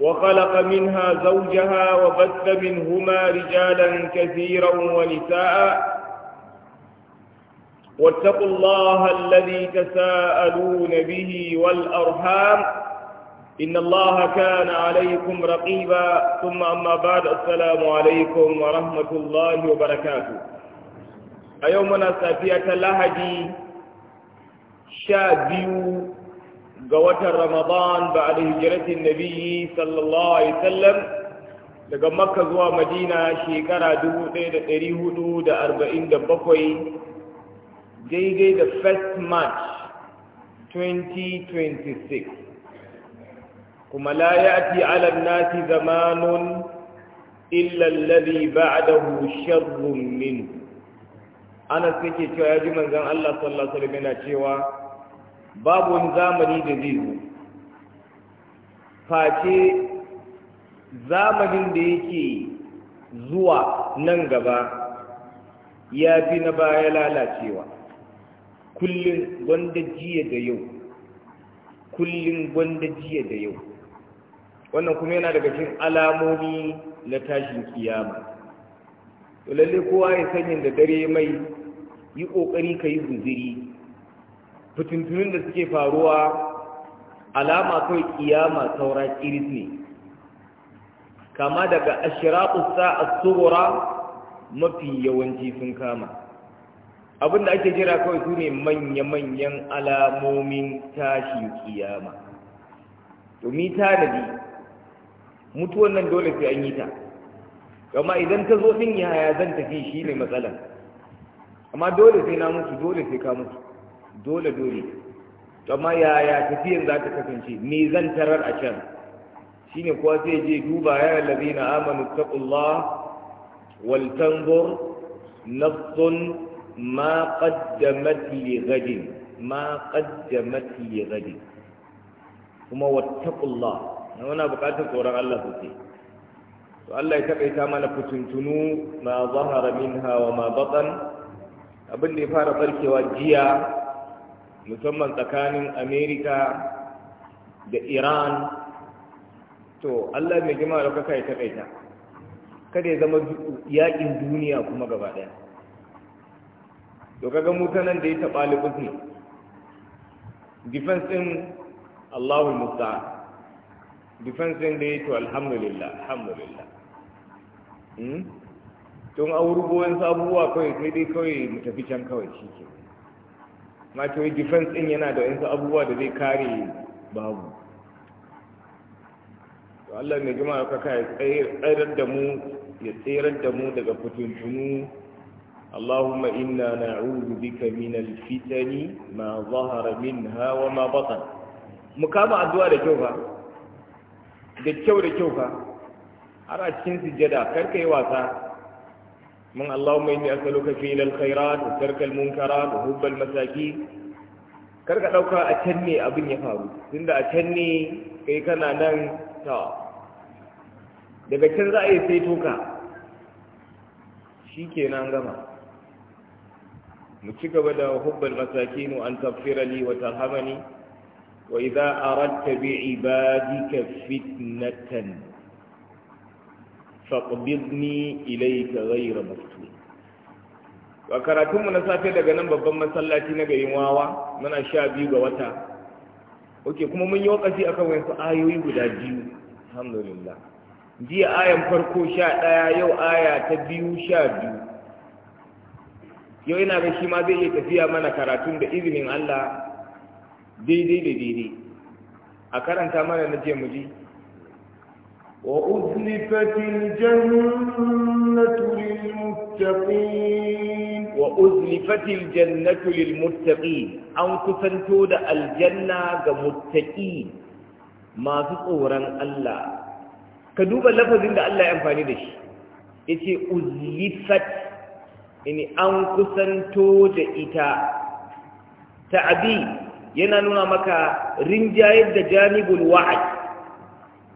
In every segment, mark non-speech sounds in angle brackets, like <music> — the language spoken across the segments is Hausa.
وخلق منها زوجها وبث منهما رجالا كثيرا ونساء واتقوا الله الذي تساءلون به والأرحام إن الله كان عليكم رقيبا ثم أما بعد السلام عليكم ورحمة الله وبركاته أيومنا سافية لهدي شابيو ga watan ramadan ba a da hijiratin nabi sallallahu alaihi sallam daga makka zuwa madina shekara 1447 daidai da 1st march 2026 kuma la ya'ti ala nasi zamanun illa alladhi ba'dahu sharrun min ana sake cewa ya ji manzon Allah sallallahu alaihi wasallam yana cewa babu wani zamani da zai zo face zamanin da yake zuwa nan gaba ya fi na baya lalacewa kullum gwanda jiya da yau kullum gwanda jiya da yau wannan kuma yana daga cikin alamomi na tashin kiyama lalle kowa ya sanya da dare mai yi ƙoƙari ka yi guziri fitintunin da suke faruwa alama kawai kiyama saura kiris ne kama daga ashiratu sa'a tsohora mafi yawanci sun kama abin da ake jira kawai su ne manya-manyan alamomin tashi kiyama da tanadi mutuwan nan dole sai an yi ta Gama idan ta zo ɗin yaya zan tafi shi ne matsalar amma dole sai na mutu dole sai ka mutu dole dole amma yaya tafiyan za ta kasance me zan tarar a can shine kuwa sai je duba ya allazina amanu taqullah wal tanzur nafsun ma qaddamat li ghadin ma qaddamat li gadin. kuma wattaqullah na wana bukatar tsoron Allah sosai to Allah ya takaita mana fitintunu ma zahara minha wa ma batan abin da ya fara barkewa jiya musamman tsakanin amerika da iran to allah mai jima da kaka ya taƙaita kada ya zama yaƙin duniya kuma gaba ɗaya to kaga mutanen da ya taɓa libus ne defense ɗin allahu Musa, defense ɗin da ya to alhamdulillah alhamdulillah tun aurubuwan sabuwa kawai sai dai kawai mu tafi can kawai shi ke ma to defense ɗin yana da wasu abubuwa da zai kare babu to Allah ne jama'a ka kai tsayar da mu ya tsayar da mu daga fitintunu اللهم إنا نعوذ بك من الفتن ما ظهر منها وما بطن مكامة الدعاء addu'a da kyau da kyau fa har a cikin sujjada kar yi wasa من اللهم إني أسألك فعل Munkara وترك المنكرات وحب المساكين karka ɗauka a can abin ya faru tunda a can ne kai kana nan ta daga can za a yi sai toka shi ke nan gama mu ci gaba da hubbal masakin an tafira li wa tarhamani wa idza aradta bi ibadika fitnatan faqbidni ilayka ghayra maftun a karatunmu na safe daga nan babban masallaci na garin wawa muna sha biyu ga wata oke kuma mun yi wakati akan wayansu ayoyi guda biyu alhamdulillah jiya ayan farko sha ɗaya yau aya ta biyu sha biyu yau ina ga shi ma zai iya tafiya mana karatun da izinin allah daidai da daidai a karanta mana na je mu ji وأزلفت الجنة للمتقين وأزلفت الجنة للمتقين أن كسنتو دا الجنة كمتقين ما تصورا الله كدوبا لفظ إن الله ينفعني دش يتي أزلفت إني أن كسنتو دا إتا تعبي ينا نونا مكا رنجايد دا جانب الوعد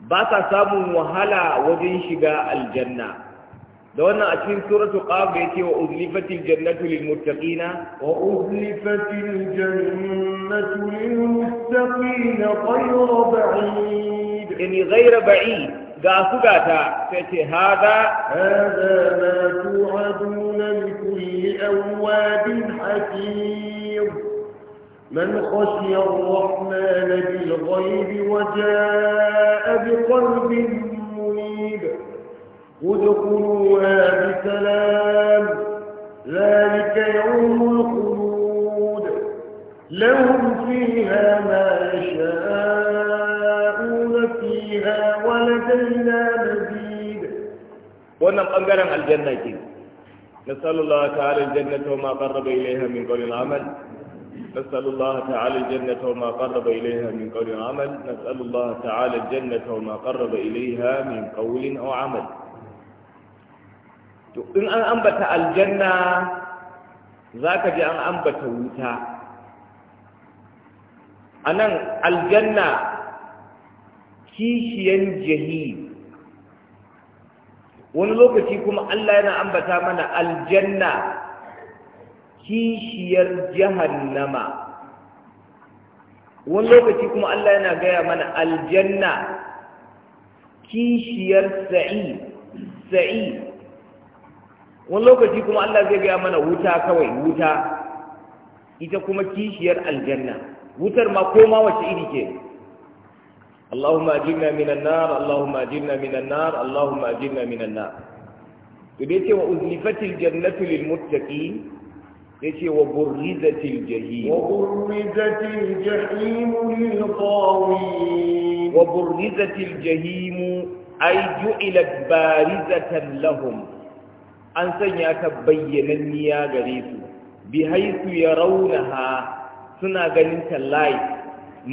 ba sa samun wahala wajen shiga aljanna da wannan a cikin suratu qaf da yake wa uzlifatil jannatu lil muttaqina wa uzlifatil jannatu lil muttaqina ghayra ba'id yani ghayra ba'id ga su gata sai ce hada hada ma tu'aduna li kulli awabin hakim من خشي الرحمن بالغيب وجاء بقلب منيب ادخلوها بسلام ذلك يوم الخلود لهم فيها ما يشاءون فيها ولدينا مزيد ونم أنقرن الجنة نسأل الله تعالى الجنة وما قرب إليها من قول العمل نسأل الله تعالى الجنة وما قرب إليها من قول وعمل نسأل الله تعالى الجنة وما قرب إليها من قول أو عمل إن أن أنبت الجنة ذاك جاء أن أنبت وتا أنا الجنة كيشيا جهيد wani lokaci kuma Allah yana ambata mana aljanna kishiyar jahannama wani lokaci kuma Allah yana gaya mana aljanna kishiyar sa'i sa'i wani lokaci kuma Allah zai gaya mana wuta kawai wuta ita kuma kishiyar aljanna wutar ma koma wace iri ke Allahumma ajirna minan nar Allahumma ajirna minan nar Allahumma ajirna minan nar to dai ce wa uzlifatil jannatu lil muttaqin yace wa burrizatil jahim wa burrizatil jahim lil tawin wa burrizatil jahim ay ju'ilat barizatan lahum an sanya ta bayyananniya gare su bi haythu yarawnaha suna ganin ta live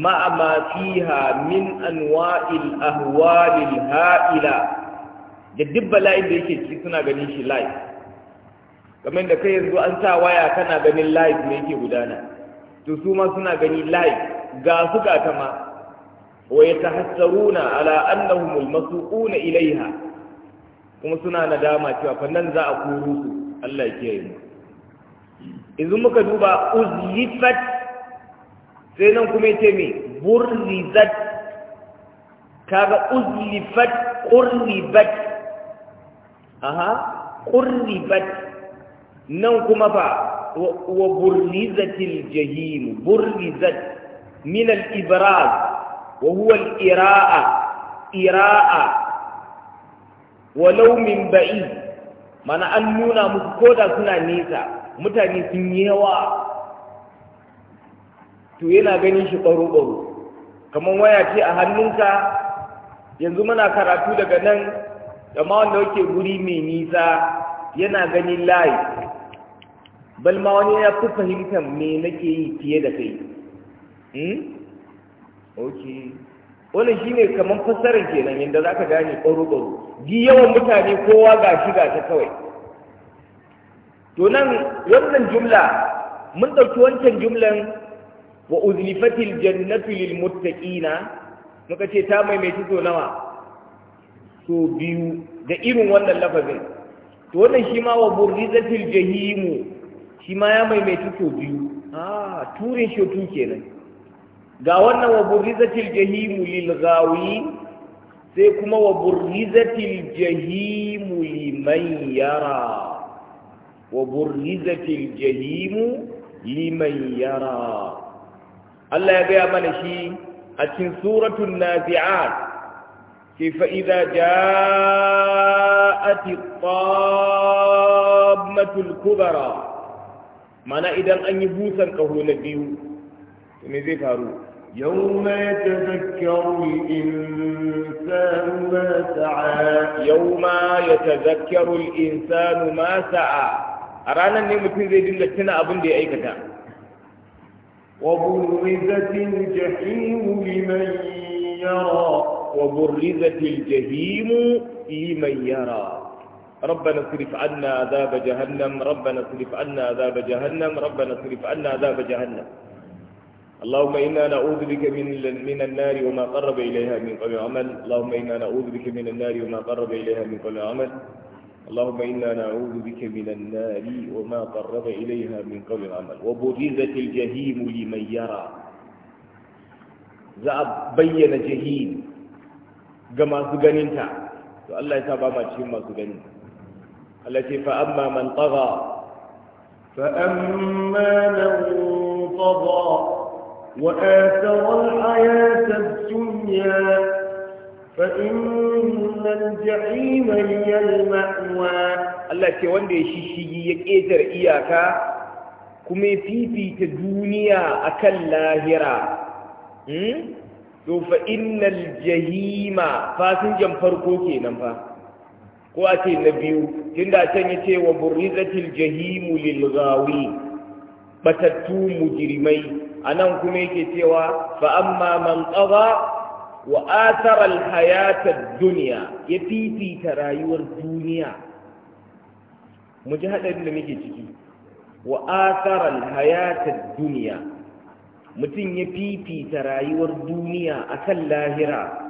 ma'a ma fiha min anwa'il ahwalil ha'ila da duk bala'in da yake ci suna ganin shi live kamar da kai yanzu an sa waya kana ganin live ne yake gudana to su ma suna gani live ga su ga ta ma wa yatahassaruna ala annahum almasuquna ilaiha kuma suna nadama cewa fa nan za a kuru su Allah ya kiyaye mu idan muka duba uzlifat sai nan kuma yace me burrizat kaga uzlifat qurribat aha qurribat nan kuma fa wa burlizatil jahim burlizat min al-ibraz wa huwa al-ira'a ira'a walau min ba'i mana an nuna musu koda suna nesa mutane sun yi yawa to yana ganin shi ɓaro-ɓaro kamar waya ce a hannunka yanzu muna karatu daga nan da ma wanda yake guri mai nisa yana ganin layi bal ma wani ya fi fahimtar me nake yi fiye da kai hmm? ok wannan shi ne kamar fassarar kenan yadda za ka gane ɓaro-ɓaro ji yawan mutane kowa ga shi ga ta kawai to nan wannan jumla mun ɗauki wancan jumlan wa uzlifatil jannatu lil muttaqina muka ce ta maimaitu so nawa so biyu da irin wannan lafazin to wannan shi ma wa burrizatil jahimu shi ma ya maimaitu to biyu a turin shotu kenan ga wannan wa burrizatil jahimu lil gawi sai kuma wa burrizatil jahimu liman yara wa burrizatil jahimu liman yara Allah ya gaya mana shi a cikin suratul nazi'at كيف إذا جاءت الطامة الكبرى mana idan an yi busan kaho na biyu me zai faru يوم يتذكر الإنسان ما سعى يوم يتذكر الإنسان ما سعى أرانا أن يمكن زي دلة تنا أبن دي أيكتا وبرزت الجحيم لمن يرى وبرزت الجحيم لمن يرى ربنا اصرف عنا عذاب جهنم ربنا اصرف عنا عذاب جهنم ربنا اصرف عنا عذاب جهنم اللهم إنا نعوذ بك من من النار وما قرب إليها من قول عمل اللهم إنا نعوذ بك من النار وما قرب إليها من قول عمل اللهم إنا نعوذ بك من النار وما قرب إليها من قول عمل وبرزت الجحيم لمن يرى زعب بين جهيم jahili ga الله ganinta to Allah ya التي فأما من طغى فأما من طغى وآثر الحياة الدنيا فإن الجحيم هي المأوى التي وندي شيشي يكيتر إياكا kuma fifita duniya akan lahira to fa innal jahima fasinjan farko kenan fa ko a na biyu tunda can ya ce wa burrizatil jahimu lil mu batattu mujrimai anan kuma yake cewa fa amma man tagha wa athara al hayata dunya ya fifita rayuwar duniya mu ji hadarin da muke ciki wa athara al hayata dunya mutum ya fifita rayuwar duniya akan lahira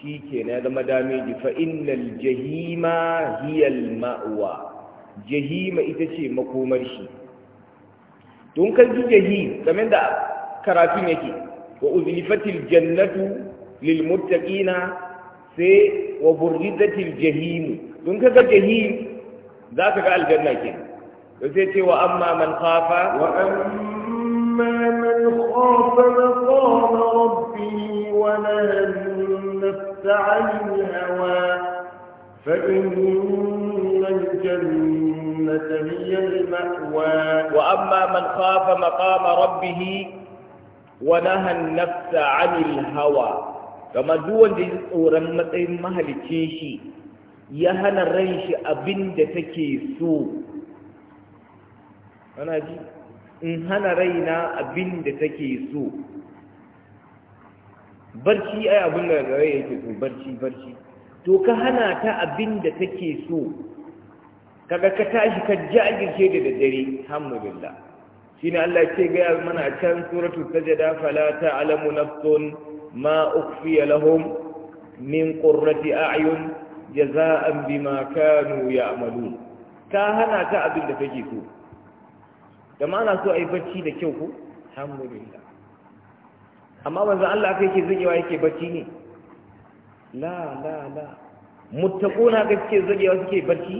shi ke na zama dameji fa jahima hiyal ma'wa jahima ita ce makomar shi don kan ji jahim kamar da karafin yake wa uzlifatil jannatu lil sai wa burridatil jahim don kaga jahim za ka ga aljanna ke sai ce wa amma man khafa wa amma man khafa maqama rabbihi wa nahana عن الهوى فإن الجنة هي المأوى وأما من خاف مقام ربه ونهى النفس عن الهوى كما دون دي tsoron matsayin mahalicce shi ya hana ran shi abin da take so ana ji in hana raina abin da take so barci ai abin da rai yake so barci barci to ka hana ta abin da take so kaga ka tashi ka jajirce da daddare alhamdulillah shine Allah ce ga mana a can suratul sajda fala ta'lamu nafsun ma ukhfiya lahum min qurrati a'yun jaza'an bima kanu ya'malun ka hana ta abin da take so da ma ana so ai barci da kyau ko alhamdulillah amma manzan Allah aka yake zagewa yake barci ne la la la muttaquna ga suke zagewa suke barci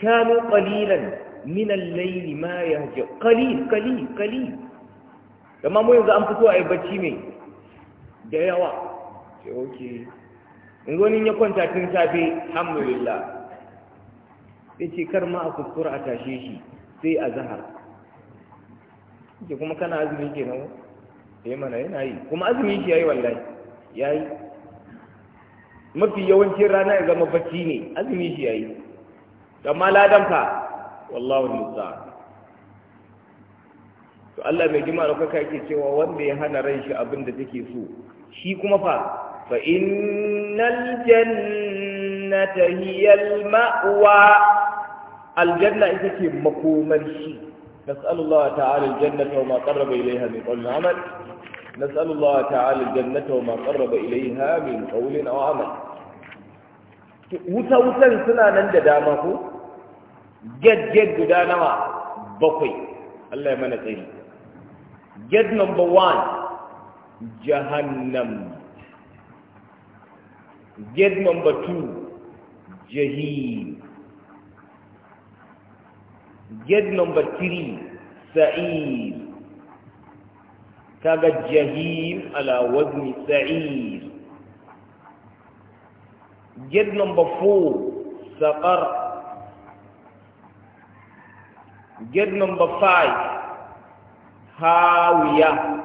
kanu qalilan min al-layl ma ƙali qalil qalil qalil ma mu yanzu an fito a yi barci mai da yawa ya oke in wani ya kwanta tun safe alhamdulillah sai ce kar ma a kuskura a tashe shi sai a zahar ke kuma kana azumi kenan eh mana yana yi kuma azumi shi yayi wallahi yayi mafi yawancin rana ya zama bacci ne azumi shi yayi amma ladan fa wallahu musta'an to Allah mai jima da kuka yake cewa wanda ya hana ran shi abin da take so shi kuma fa fa innal jannata hiyal al ma'wa aljanna ita ce makomar shi نسأل الله تعالى الجنة وما قرب إليها من قول عمل نسأل الله تعالى الجنة وما قرب إليها من قول أو عمل متوسل سنة نند دامه جد جد دانوا بقي الله من قيل جد نمبر وان جهنم جد نمبر تو جهيم جد نمبر 3 سعير كاغا جهيم على وزن سعير جد نمبر 4 سقر جد نمبر 5 هاوية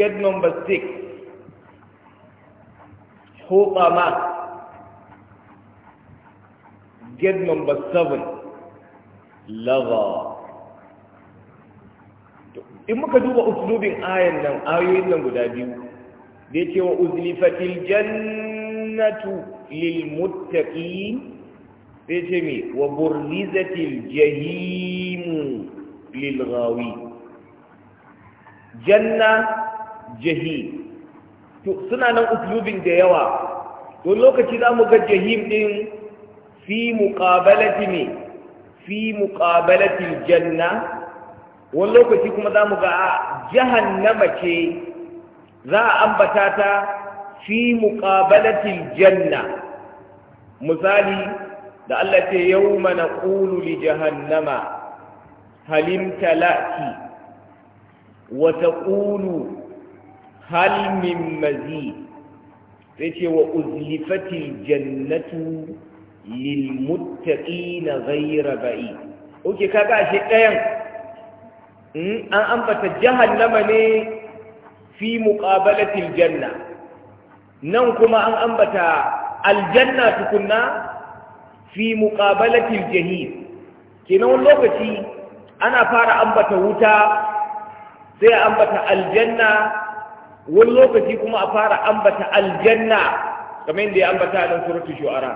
جد نمبر 6 حطمه gate number seven lava in muka duba uslubin ayan nan ayoyin nan guda biyu da yake wa uzlifatil jannatu lil muttaqin sai ce me wa burlizatil jahim lil ghawi janna jahi to suna nan uslubin da yawa to lokaci za mu ga jahim din fi muqabalati janna wani lokaci kuma za mu ga a jahannama ce za a ambata ta fi muqabalati janna misali da Allah ce yawma naqulu li jahannama halim talati wata taqulu Halmin Mazi mazid ce wa uzlifatil jannatu lilmuttaqina ghayra ba'i oke kaga shi ɗayan in hmm, an ambata jahannama ne fi muqabalatil janna nan kuma an ambata aljanna tukunna fi muqabalatil jahim kenan wani lokaci ana fara ambata wuta sai ambata aljanna wani lokaci kuma a fara ambata aljanna kamar yadda ya ambata a nan suratul shu'ara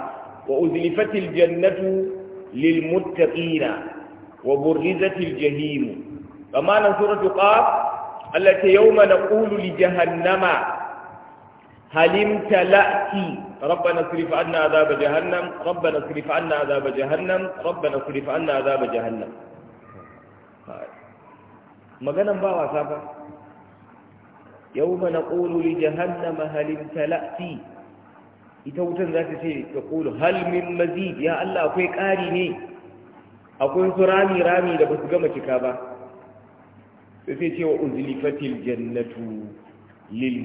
وأزلفت الجنة للمتقين وبرزت الجحيم فمعنى سورة قاف التي يوم نقول لجهنم هل امتلأت ربنا اصرف عنا عذاب جهنم ربنا اصرف عنا عذاب جهنم ربنا اصرف عنا عذاب جهنم ما ba wasa ba يوم نقول لجهنم هل jahannama ita wutan za ta ce ta kulu halmin mazid ya Allah akwai ƙari ne akwai su rami rami da ba su gama cika ba sai sai cewa uzlifatil jannatu lil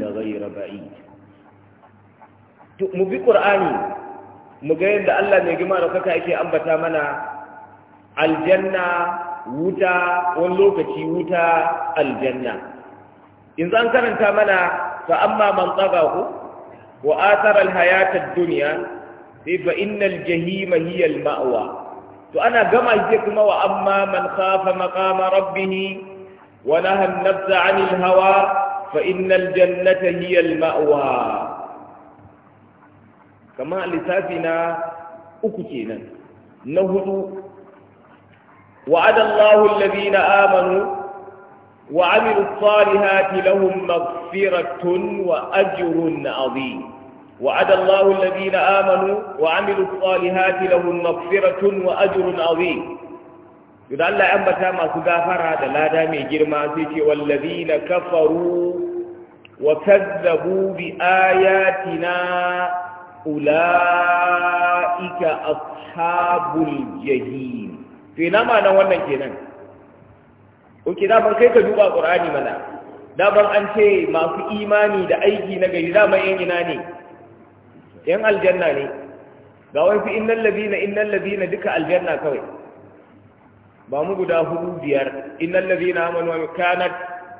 na ghayra ba'id mu bi qur'ani mu ga yadda Allah mai gima da kaka yake ambata mana aljanna wuta wani lokaci wuta aljanna in an karanta mana fa amma man tsaga ku وآثر الحياة الدنيا فإن الجهيم هي المأوى فأنا كما يجيكم وأما من خاف مقام ربه ونهى النفس عن الهوى فإن الجنة هي المأوى كما لسافنا أكتنا نهض وعد الله الذين آمنوا وعملوا الصالحات لهم مغفرة وأجر عظيم وعد الله الذين آمنوا وعملوا الصالحات لهم مغفرة وأجر عظيم إذا الله أما ما سدافر هذا لا دامي جرما سيكي والذين كفروا وكذبوا بآياتنا أولئك أصحاب الجحيم في نما نوانا جنان oke ban kai ka duba Qur'ani mana ban an ce masu imani da aiki na gari dama yan ina ne yan aljanna ne ga wani fi innan labina innan labina duka aljanna kawai ba mu guda hudu biyar innan labina amanu kanat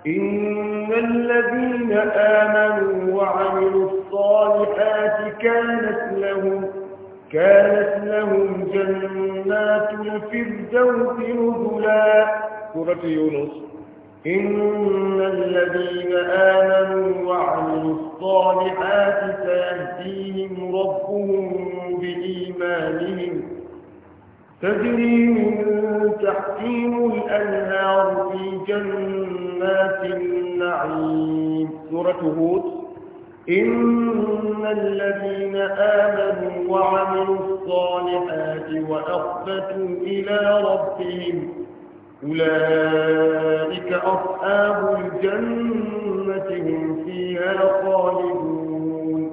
إن الذين آمنوا وعملوا الصالحات كانت لهم كانت لهم جنات الفردوس نزلا سورة يونس إن الذين آمنوا وعملوا الصالحات سيهديهم ربهم بإيمانهم تجري من تحكيم الأنهار في جنات النعيم سورة هود إن الذين آمنوا وعملوا الصالحات وأخبتوا إلى ربهم أولئك أصحاب الجنة هم فيها خالدون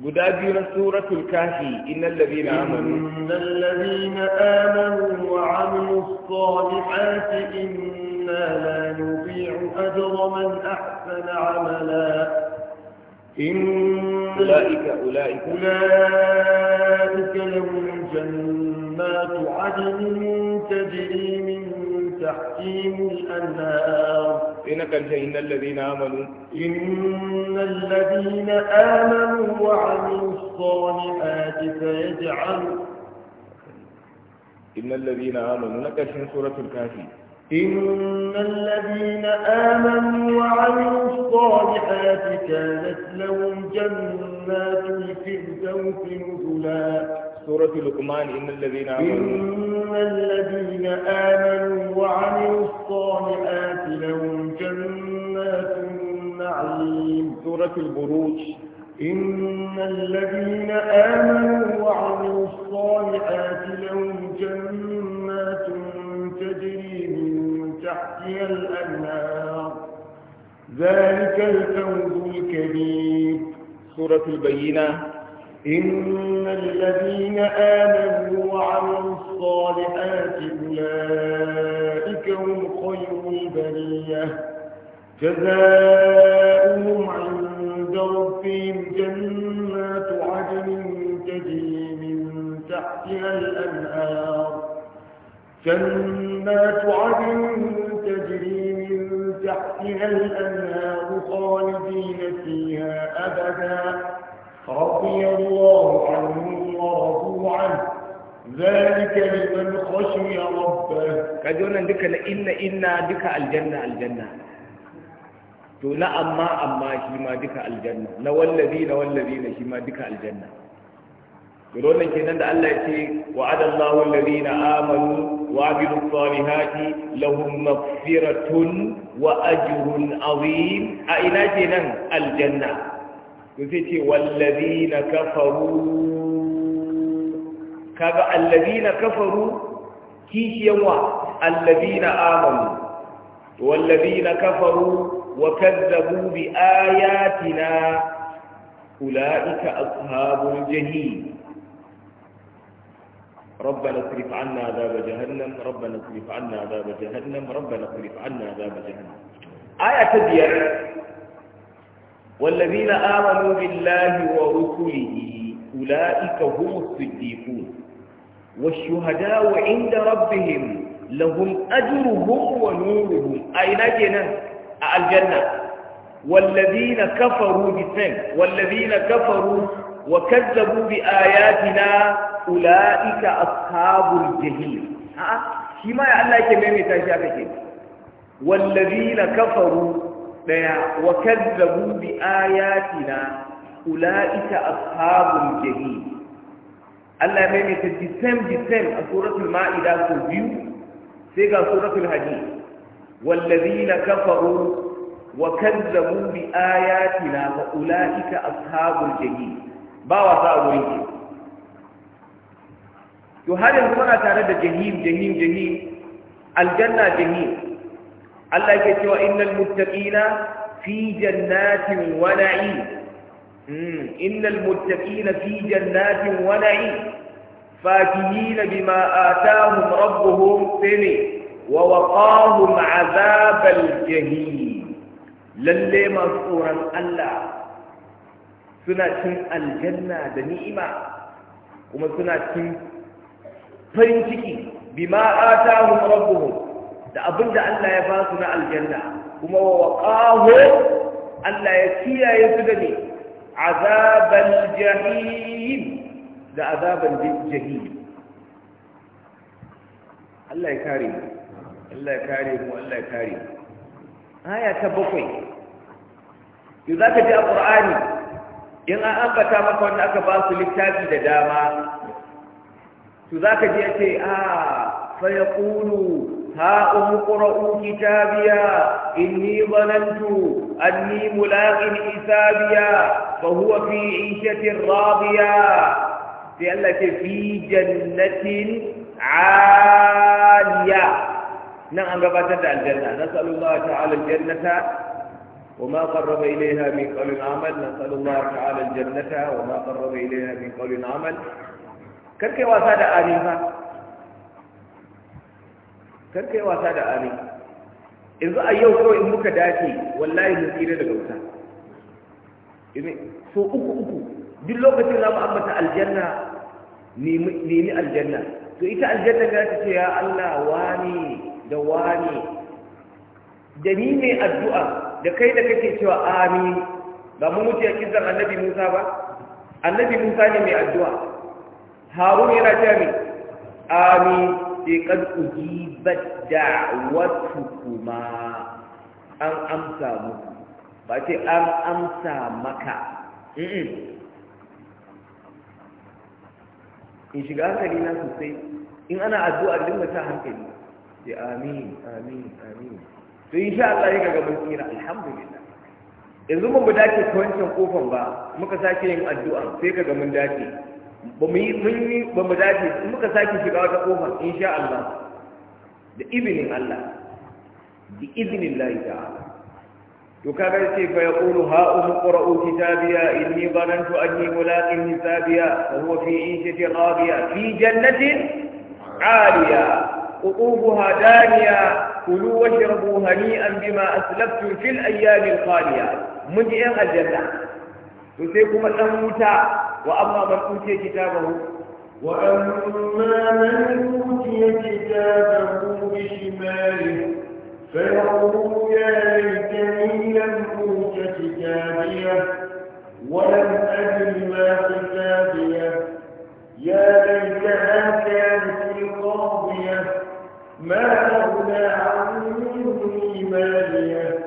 مدابر سورة الكافي إن الذين آمنوا إن الذين آمنوا وعملوا الصالحات إنا لا نضيع أجر من أحسن عملا إن أولئك أولئك أولئك لهم جنات عدن تجري من تحتهم الأنهار إنك إن الذين آمنوا إن الذين آمنوا وعملوا الصالحات فيجعل إن الذين آمنوا لك سورة الكافي إن الذين آمنوا وعملوا الصالحات كانت لهم جنات الفردوس نزلا سورة لقمان إن الذين آمنوا إن الذين آمنوا وعملوا الصالحات لهم جنات النعيم سورة البروج إن الذين آمنوا وعملوا الصالحات لهم جنات تجري من تحتها الأنهار ذلك الفوز الكبير سورة البينة إن الذين آمنوا وعملوا الصالحات أولئك هم خير البرية جزاؤهم عند ربهم جنات عدن تجري من تحتها الأنهار جنات عدن تجري من تحتها الأنهار خالدين فيها أبداً رضي الله عنهم ورضوا عنه ذلك لمن خشي ربه كجونا دك إن إن دك الجنة الجنة to na amma amma shi ma duka aljanna na wallazi na wallazi na shi ma duka aljanna to wannan kenan da Allah ya ce wa'ada Allahu allazina amanu wa amilu salihati lahum maghfiratun a ina kenan aljanna to sai ce wallazina kafaru kaga allazina kafaru kishiyan wa allazina amanu wallazina kafaru wa kazzabu bi ayatina ulaika ashabul jahim ربنا اصرف عنا عذاب جهنم ربنا اصرف عنا عذاب جهنم ربنا اصرف عنا عذاب جهنم آية تبير والذين آمنوا بالله ورسله أولئك هم الصديقون والشهداء عند ربهم لهم أجرهم ونورهم أين جنا الجنة والذين كفروا بسن والذين كفروا وكذبوا بآياتنا أولئك أصحاب الجحيم شما يا الله يكمل ميتا شافكين والذين كفروا daya wa kadzabu bi ayatina ulaika ashabul jahim Allah ya mai ta disem disem a suratul ma'ida ko biyu sai ga suratul hadid wallazina kafaru wa kadzabu bi ayatina fa ulaika ashabul jahim ba wa sa wurin to har yanzu muna tare da jahim jahim jahim aljanna jahim Allah ke cewa innal muttaqina fi jannatin wa na'im mm innal muttaqina fi jannatin wa na'im fakihina bima atahum rabbuhum sini wa waqahum azabal jahim lalle masu tsoron Allah suna cin aljanna da ni'ima kuma suna cin farin ciki bima atahum rabbuhum da abin da Allah ya ba su na aljanna kuma wa waqahu Allah ya kiyaye su da ne azaban jahim da azaban jahim Allah ya kare mu Allah ya kare mu Allah ya kare mu aya ta bakwai za ka ji a ƙur'ani, in an ambata maka wanda aka ba su littafi da dama to za ka ji a ce a ah, فيقول ها اقرؤوا كتابيا إني ظننت أني ملاق حسابيا فهو في عيشة راضية في لك في جنة عالية نعم قبلت الجنة نسأل الله تعالى الجنة وما قرب إليها من قول عمل نسأل الله تعالى الجنة وما قرب إليها من قول عمل كيف وسادة آلهة kar yi wasa da amin yanzu a yau kawai in muka dace wallahi mu tsira daga wuta so uku uku duk lokacin za mu ambata aljanna nemi aljanna to ita aljanna ga ta ce ya Allah wani da wani da ni mai addu'a da kai da kake cewa amin ba mu mutu ya kizar annabi Musa ba annabi Musa ne mai addu'a Harun yana cewa amin sai kan ujibat kuma an amsa muku ba ce an amsa maka in shiga hankali na sosai in ana addu'a dinga ta hankali sai amin amin amin to sha Allah ya ga tsira alhamdulillah yanzu mun dace ta wancan kofan ba muka sake yin addu'a sai kaga mun dace ba mu yi mun yi ba mu dace in muka sake shiga wata kofa insha Allah da izinin Allah bi izinin Allah ta'ala to kaga sai fa yaqulu ha umqra'u kitabiya inni dhanantu anni mulaqin hisabiya wa huwa fi 'ishati radiya fi jannatin 'aliya qutubuha daniya kulu washrabu hani'an bima aslaftum fil ayyamil qaliya mun ji yan aljanna to sai kuma dan wuta وأما من أوتي كتابه وأما من أوتي كتابه بشماله فيقول يا ليتني لم أوت كتابيه ولم أدر ما كتابيه يا ليتها كانت القاضية ما أغنى عني ماليه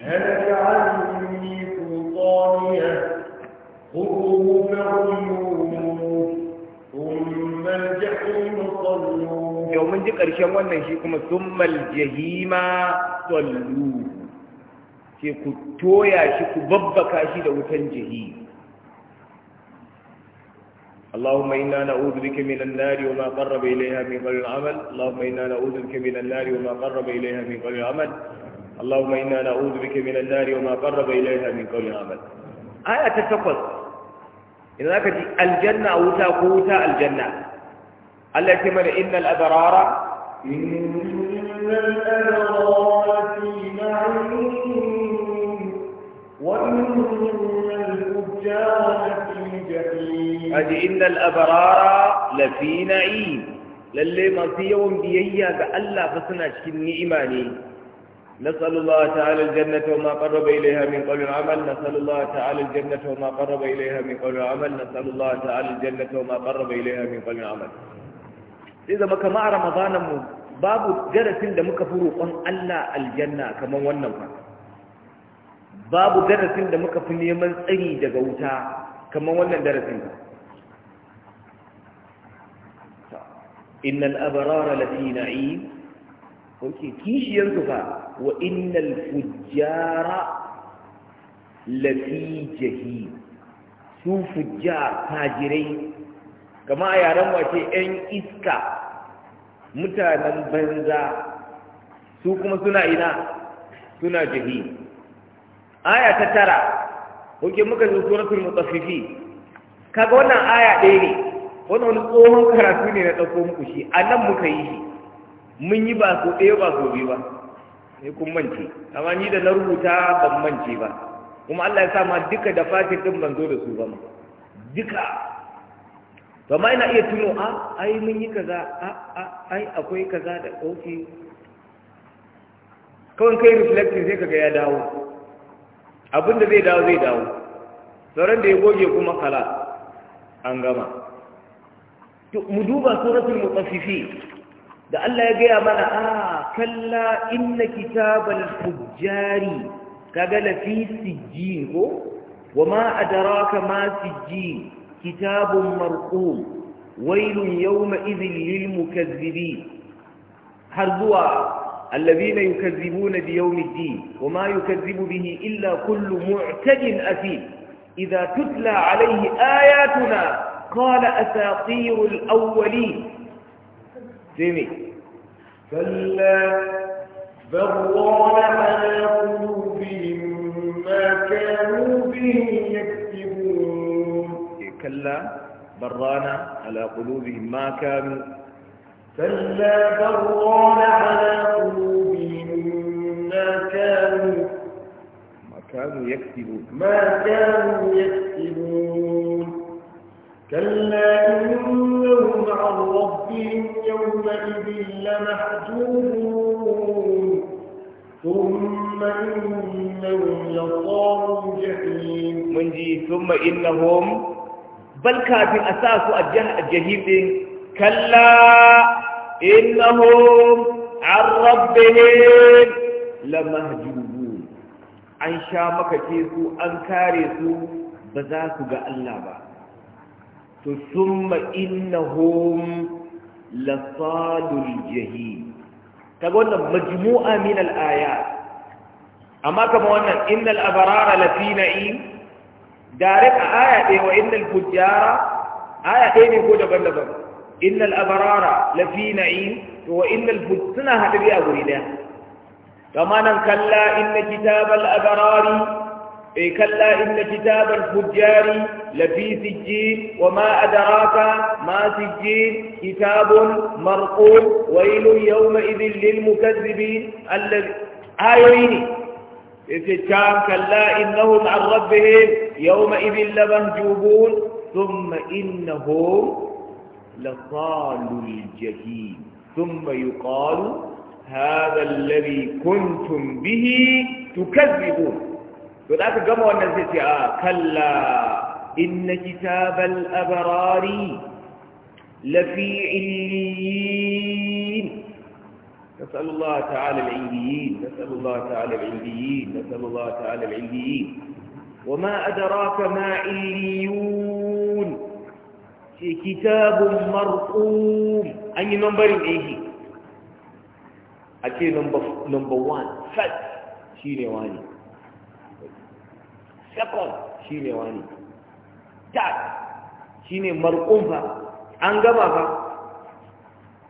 هلك عني سلطانيه خذوه فغلوه ثم الجحيم wannan shi kuma ثم الجحيم صلوه ke ku toya shi ku babbaka shi da wutan اللهم إنا نعوذ بك من النار وما قرب إليها من قبل العمل اللهم إنا نعوذ بك من النار وما قرب إليها من قبل العمل اللهم إنا نعوذ بك من النار وما قرب إليها من قبل العمل آية تتقص idan aka ci aljanna wuta ko wuta aljanna Allah ya mana innal abrara innal abrara fi na'im wa innal fujjara fi jahim aji innal abrara la fi na'im lalle masu yawan biyayya ga Allah fa suna cikin ni'ima ne نسأل الله تعالى الجنة وما قرب إليها من قول العمل نسأل الله تعالى الجنة وما قرب إليها من قول العمل نسأل الله تعالى الجنة وما قرب إليها من قول العمل إذا ما كما رمضان باب درس عند مكفر قن ألا الجنة كما ونفع باب درس ده مكفر يمن أي دعوتا كما ون درس إن الأبرار لفي نعيم ok kishiyar su wa innal fujjara lafi jahi su fujjar fajirai kama a yaren wace 'yan iska mutanen banza su kuma suna ina suna jahi aya ta tara ok muka zo suratul mutaffifi kaga wannan aya ɗaya ne Wani wani tsohon karatu ne na ɗauko muku shi a nan muka yi shi mun yi ba so ɗaya ba so biyu ba sai kun mance amma ni da na rubuta ban mance ba kuma Allah ya sa ma duka da fatin din ban zo da su ba ma duka to mai na iya tuno a ah, ai mun yi kaza a ah, a ah, ai akwai kaza da ofi kawai kai reflecting sai kaga ya dawo abin da zai dawo zai dawo sauran da ya goge kuma kala an gama mu duba suratul mutaffifin da Allah ya gaya mana a kalla inna kitabal fujjari kaga la fi sijjin ko wa ma adraka ma sijjin kitabun marqum wailun yawma idhil lil mukazzibin har zuwa alladhina الذين يكذبون بيوم الدين وما يكذب bihi illa kullu mu'tadin athim idha tutla alayhi ayatuna qala أساطير الأولين سيمي كلا بل ران على قلوبهم ما كانوا به يكسبون كلا بل ران على قلوبهم ما كانوا كلا بل ران على قلوبهم ما كانوا ما كانوا يكسبون ما كانوا يكسبون كلا إنهم عن ربهم يومئذ لمحجوبون ثم إنهم لصاروا جحيم من جي ثم إنهم بل كافي أساس الجحيم كلا إنهم عن ربهم لمهجوبون an sha makace su an kare su to summa innahum lasalul jahim kaga wannan majmu'a min al'aya. amma kama wannan innal abrara lafi na'im direct a aya ɗaya wa innal fujjara aya ɗaya ne ko daban-daban innal abrara lafi na'im to wa innal fujjara suna haɗari a guri ɗaya kama nan kalla inna kitabal abrari إيه كلا إن كتاب الفجار لفي سجين وما أدراك ما سجين كتاب مرقوم ويل يومئذ للمكذبين الذي آيين استجام إيه كلا إنهم عن ربهم يومئذ لمهجوبون ثم إنهم لصال الجحيم ثم يقال هذا الذي كنتم به تكذبون to da aka gama wannan sai ce a kalla inna kitabal abrari lafi illiyin نسأل الله تعالى العليين نسأل الله تعالى العليين نسأل الله تعالى العليين وما أدراك ما عليون كتاب مرقوم أي نمبر إيه أتي نمبر 1 فت شيني واني second ne wani tak shi ne fa an gama fa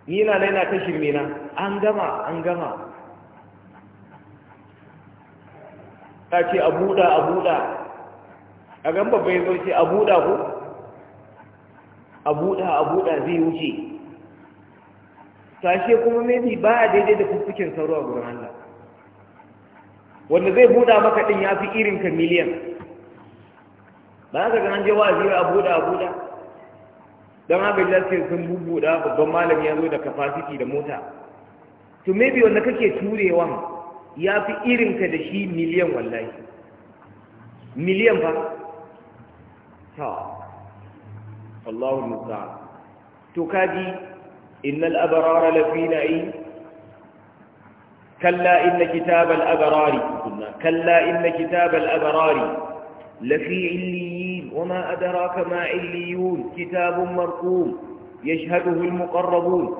ni na na ta shirme na an gama an gama ta ce a buɗa a buɗa a gan babba bai zo ce a buɗa ku? a buɗa a buɗa zai wuce sashe kuma maybe ba a daidai da fuffukin sauro a gurin Allah wanda zai buɗa maka ɗin ya fi irinka miliyan ba za ka ganin je wa'azi a buɗe a buɗe don abin ce sun bubbuɗa babban malam ya zo da kafasiti da mota to maybe wanda kake turewan ya fi irinka da shi miliyan wallahi miliyan ba ta Allahu musa to kaji innal abrara lafi na'i kalla inna kitabal abrari kunna kalla inna kitabal abrari lafi illi وما أدراك ما عليون كتاب مرقوم يشهده المقربون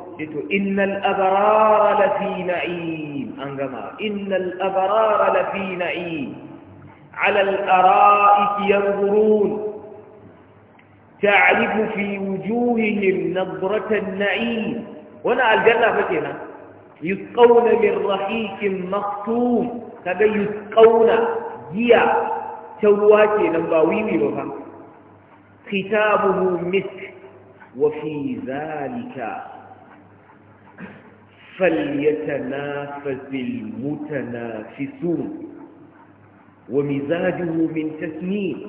إن الأبرار لفي نعيم أنجما إن الأبرار لفي نعيم على الأرائك ينظرون تعرف في وجوههم نظرة النعيم وانا الجنة فكنا يسقون من رحيق مختوم كذا يسقون جيا تواتي لنباويني بلوها ختامه مسك وفي ذلك فليتنافس المتنافسون ومزاجه من تسنيم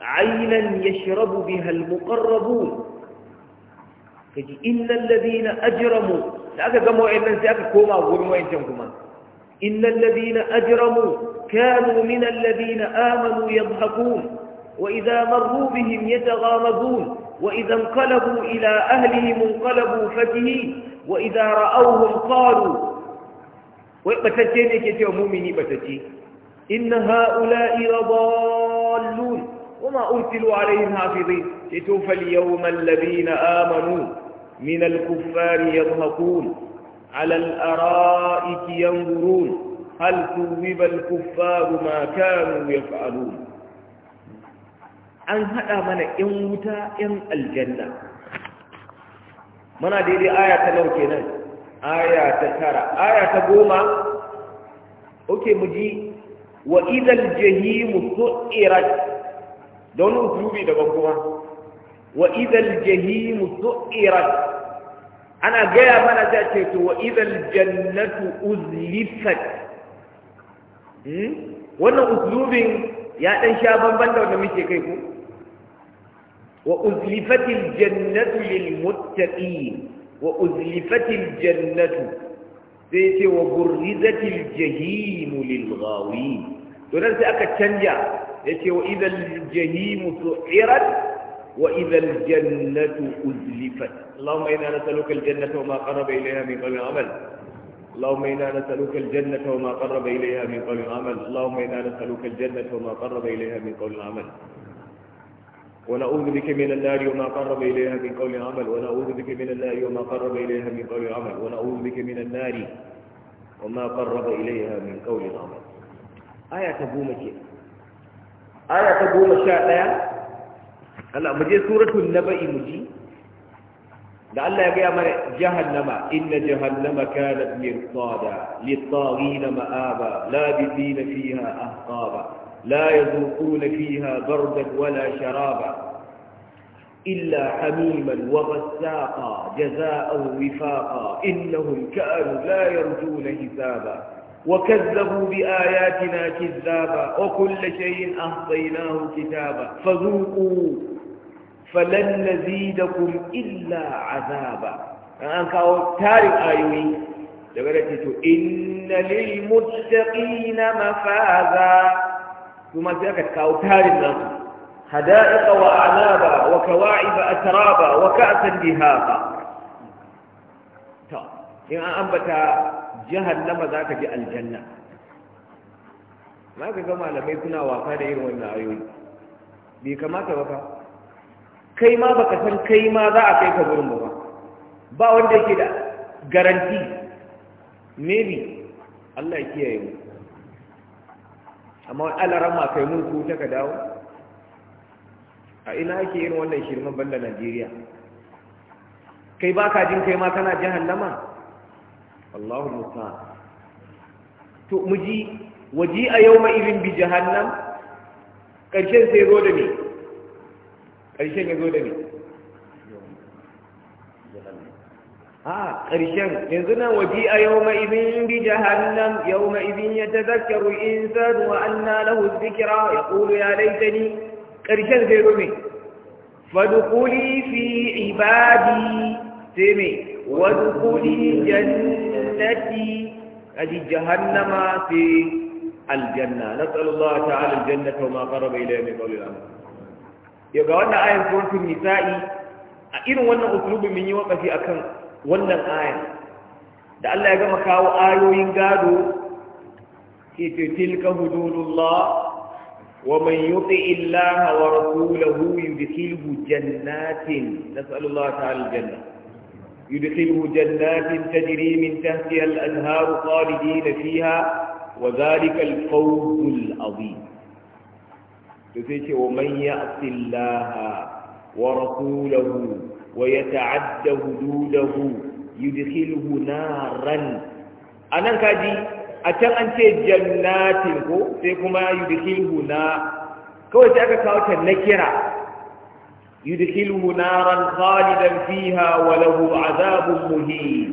عينا يشرب بها المقربون فج إن الذين أجرموا لأك قموا إن سيأك كوما وقموا إن جمكما إن الذين أجرموا كانوا من الذين آمنوا يضحكون وإذا مروا بهم يتغامزون وإذا انقلبوا إلى أهلهم انقلبوا فكهين وإذا رأوهم قالوا وبتتيني كتير مؤمني بتتي إن هؤلاء لضالون وما أرسلوا عليهم حافظين كتوف اليوم الذين آمنوا من الكفار يضحكون على الأرائك ينظرون هل ثوب الكفار ما كانوا يفعلون an haɗa mana ‘yan wuta ‘yan aljanna mana daidai aya ta nau kenan aya ta tara aya ta goma oke mu ji wa idan jahimu su'irat Don wani usulubi daban kuma wa idan jahimu su'irat ana gaya mana ta ce to wa idan jannatu uzlifat hmm? wannan usulubin ya ɗan sha banban da wanda muke kai ku وأزلفت الجنة للمتقين وأزلفت الجنة سيتي وبرزت الجهيم للغاوين تنسى أكا تنجا يتي وإذا الجهيم سعرت وإذا الجنة أزلفت اللهم إنا نسألك الجنة وما قرب إليها من قبل عمل اللهم إنا نسألك الجنة وما قرب إليها من قول عمل اللهم إنا نسألك الجنة وما قرب إليها من قبل عمل ونعوذ بك من النار وما قرب إليها من قول عمل ونعوذ بك من النار وما قرب إليها من قول عمل ونعوذ بك من النار وما قرب إليها من قول عمل آية تقوم كده آية تبوم شاء هلا مجي سورة النبأ مجي لعل يا من جهنم إن جهنم كانت مرصادا للطاغين مآبا لابثين فيها أحقابا لا يذوقون فيها بردا ولا شرابا إلا حميما وغساقا جزاء وفاقا إنهم كانوا لا يرجون حسابا وكذبوا بآياتنا كذابا وكل شيء أهطيناه كتابا فذوقوا فلن نزيدكم إلا عذابا أنك تارك آيوي لقد إن للمتقين مفازا su sai aka kawo tarin nasu hada'iqa wa anaba wa kawa'iba atraba wa ka'san dihaba to in an ambata jahannama za ka ji aljanna ma ka ga malamai suna wasa da irin wannan ayoyi bai kamata ba fa kai ma baka san kai ma za a kai ka gurin ba ba wanda yake da garanti maybe Allah ya kiyaye mu amma wani alaran ma kai mulku ta ka dawo a ina ake irin wannan shirman banda najeriya kai ba ka jin kai ma kana jahannama Allahu musa to muji waji a yau ma irin bi jahannam ƙarshen sai zo da ne ƙarshen ya zo da ne a ƙarshen yanzu nan waji a yau ma izin bi jahannam yau ma izin ya ta zakaru in sadu wa an na lahu zikira ya ƙulu ya laitani ƙarshen zai rume fadukuli fi ibadi sai mai wadukuli jannati a ji jahannama fi aljanna na tsallawa ta aljanna ta ma ƙaraba ila mai ƙaunar amma yau ga wannan ayin suwatun nisa'i a irin wannan usulubin min yi wakafi a kan. wannan aya da Allah ya gama kawo ayoyin gado ita tilka hududullah wa man yuti illaha wa rasulahu yudkhilhu jannatin ta'ala aljanna yudkhilhu jannatin tajri min tahtiha al-anharu khalidin fiha wa dhalika al azim to sai ce wa man illaha wa rasulahu ويتعدى حدوده يدخله نارا anan kaji a can an ce jannatin ko sai kuma yudkhilhu na kawai sai aka kawo ta na nakira yudkhilhu naran khalidan fiha wa lahu azabun muhin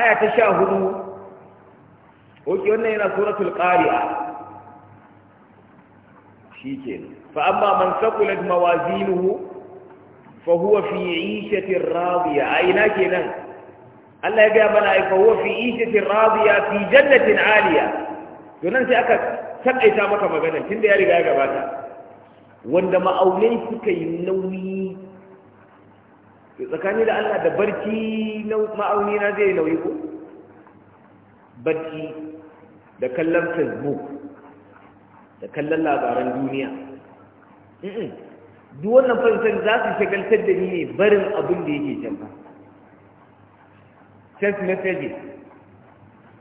aya ta sha hudu oke wannan yana suratul qari'a shikenan fa amma man saqulat mawazinuhu fa huwa fi ishatin radiya a ina kenan Allah ya gaya mana fa huwa fi ishatin radiya fi jannatin aliya to nan sai aka takaita maka magana tunda ya riga ya gabata wanda ma'aunai suka yi nauyi tsakani da Allah da barci ma'auni na zai nauyi ko barci da kallon facebook da kallon labaran duniya duk wannan fahimtar za su shagaltar da ni ne barin abin da yake can ba messages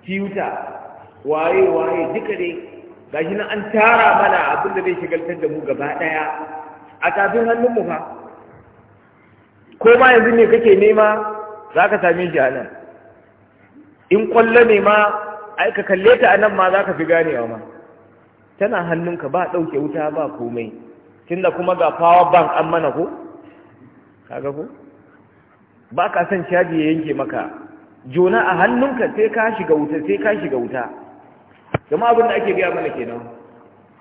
tuta waye waye duka dai shi nan an tara mana abin da zai shagaltar da mu gaba daya a tafin hannun mu fa ko ma yanzu ne kake nema za ka same shi a nan in kwallo ne ma ai ka kalle ta a nan ma za ka fi ganewa ma tana hannunka ba ɗauke wuta ba komai tunda kuma ga power bank an mana ko kaga ko ba ka san caji ya yanke maka jona a hannunka sai ka shiga wuta sai ka shiga wuta kuma abin da ake gaya mana kenan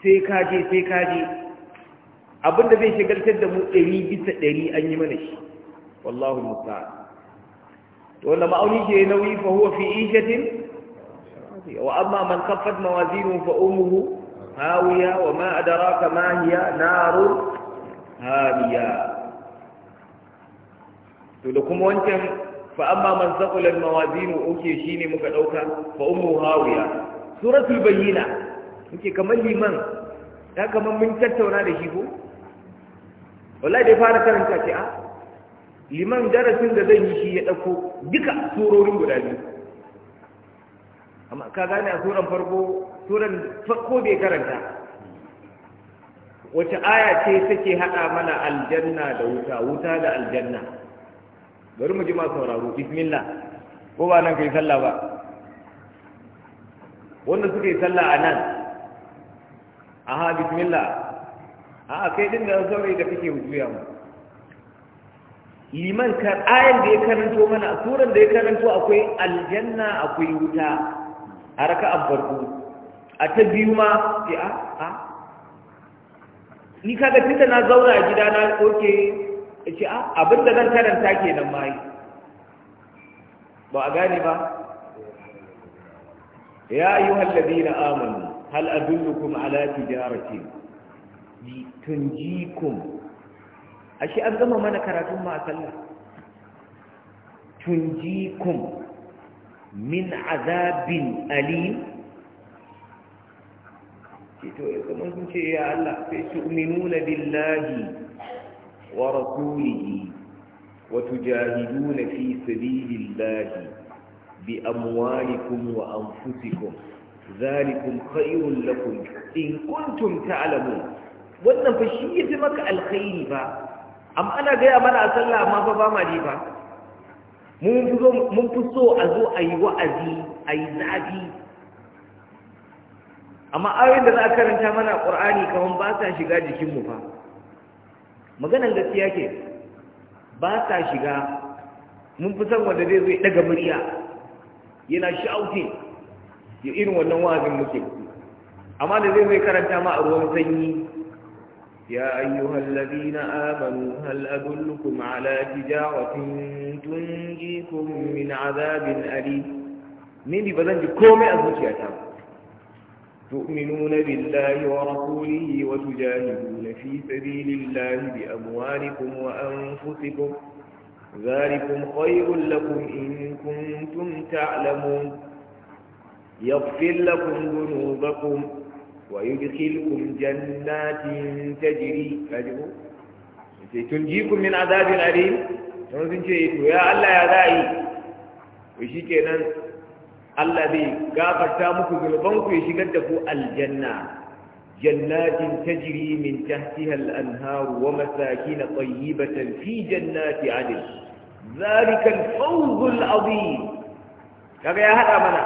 sai ka je sai ka je abin da zai shigaltar da mu ɗari bisa ɗari an yi mana shi wallahu musta to wanda ma'auni ke nauyi fa huwa fi ishatin wa amma man kaffat mawazinu fa ummuhu Hawiya wa ma'adaraka mahiya na'urar Saniya. To da kuma wancan fa'amma man sabunta mawabinu o'ke shi ne muka ɗauka, ko in mawuyar. Sun bayyina. Nake kamar liman, ta kamar mun tattauna da shi ko. Wala ya fara karanta shi a? Ah, liman darasin da zai yi shi ya ɗauko dika tsororin guda biyu. Ka gane a sunan farko? suran farko bai karanta wace aya ce take haɗa mana aljanna da wuta wuta da aljanna bari mu ji ma sauraro bismillah ko ba nan kai sallah ba wanda suke yi sallah a nan aha bismillah a kai din da saurayi da kake wuya mu liman ka ayan da ya karanto mana suran da ya karanto akwai aljanna akwai wuta a raka'ar farko a ta biyu ma sai a a ni kaga tunda na zauna a gida na a ce a abin da zan karanta kenan ma yi ba a gane ba ya yi hallabi na amanu hal adullukum ala tijaratin tunjikum ashe an gama mana karatun ma a sallah tunjikum min azabin alim ce to ya kamar sun ce ya Allah sai su uminuna billahi wa rasulihi wa na fi sabilillahi bi amwalikum wa anfusikum zalikum khairun lakum in kuntum ta'lamun wannan fa shi yafi maka alkhairi ba amma ana gaya mana a sallah amma fa ba ma ji ba mun fi so a zo a yi wa'azi a yi zafi amma ayoyin da za a karanta mana ƙur'ani kamar ba sa shiga jikinmu fa maganan gaskiya ke ba sa shiga mun fi san wanda zai zai daga murya yana shauke ya irin wannan wa'azin muke amma da zai zai karanta ma a ruwan sanyi يا أيها الذين آمنوا هل أدلكم على تجارة تنجيكم من عذاب أليم نيني بذنجي كومي أزوتي أتام تؤمنون بالله ورسوله وتجاهدون في سبيل الله بأموالكم وأنفسكم ذلكم خير لكم إن كنتم تعلمون يغفر لكم ذنوبكم ويدخلكم جنات تجري أجبوا تنجيكم من عذاب أليم sun ce to ya Allah ya Allah zai gafarta muku zunubanku ya shigar da ku aljanna jannatin tajri min tahtiha al-anhar wa masakin tayyibatan fi jannati adn zalika al-fawz al-azim kaga ya hada mana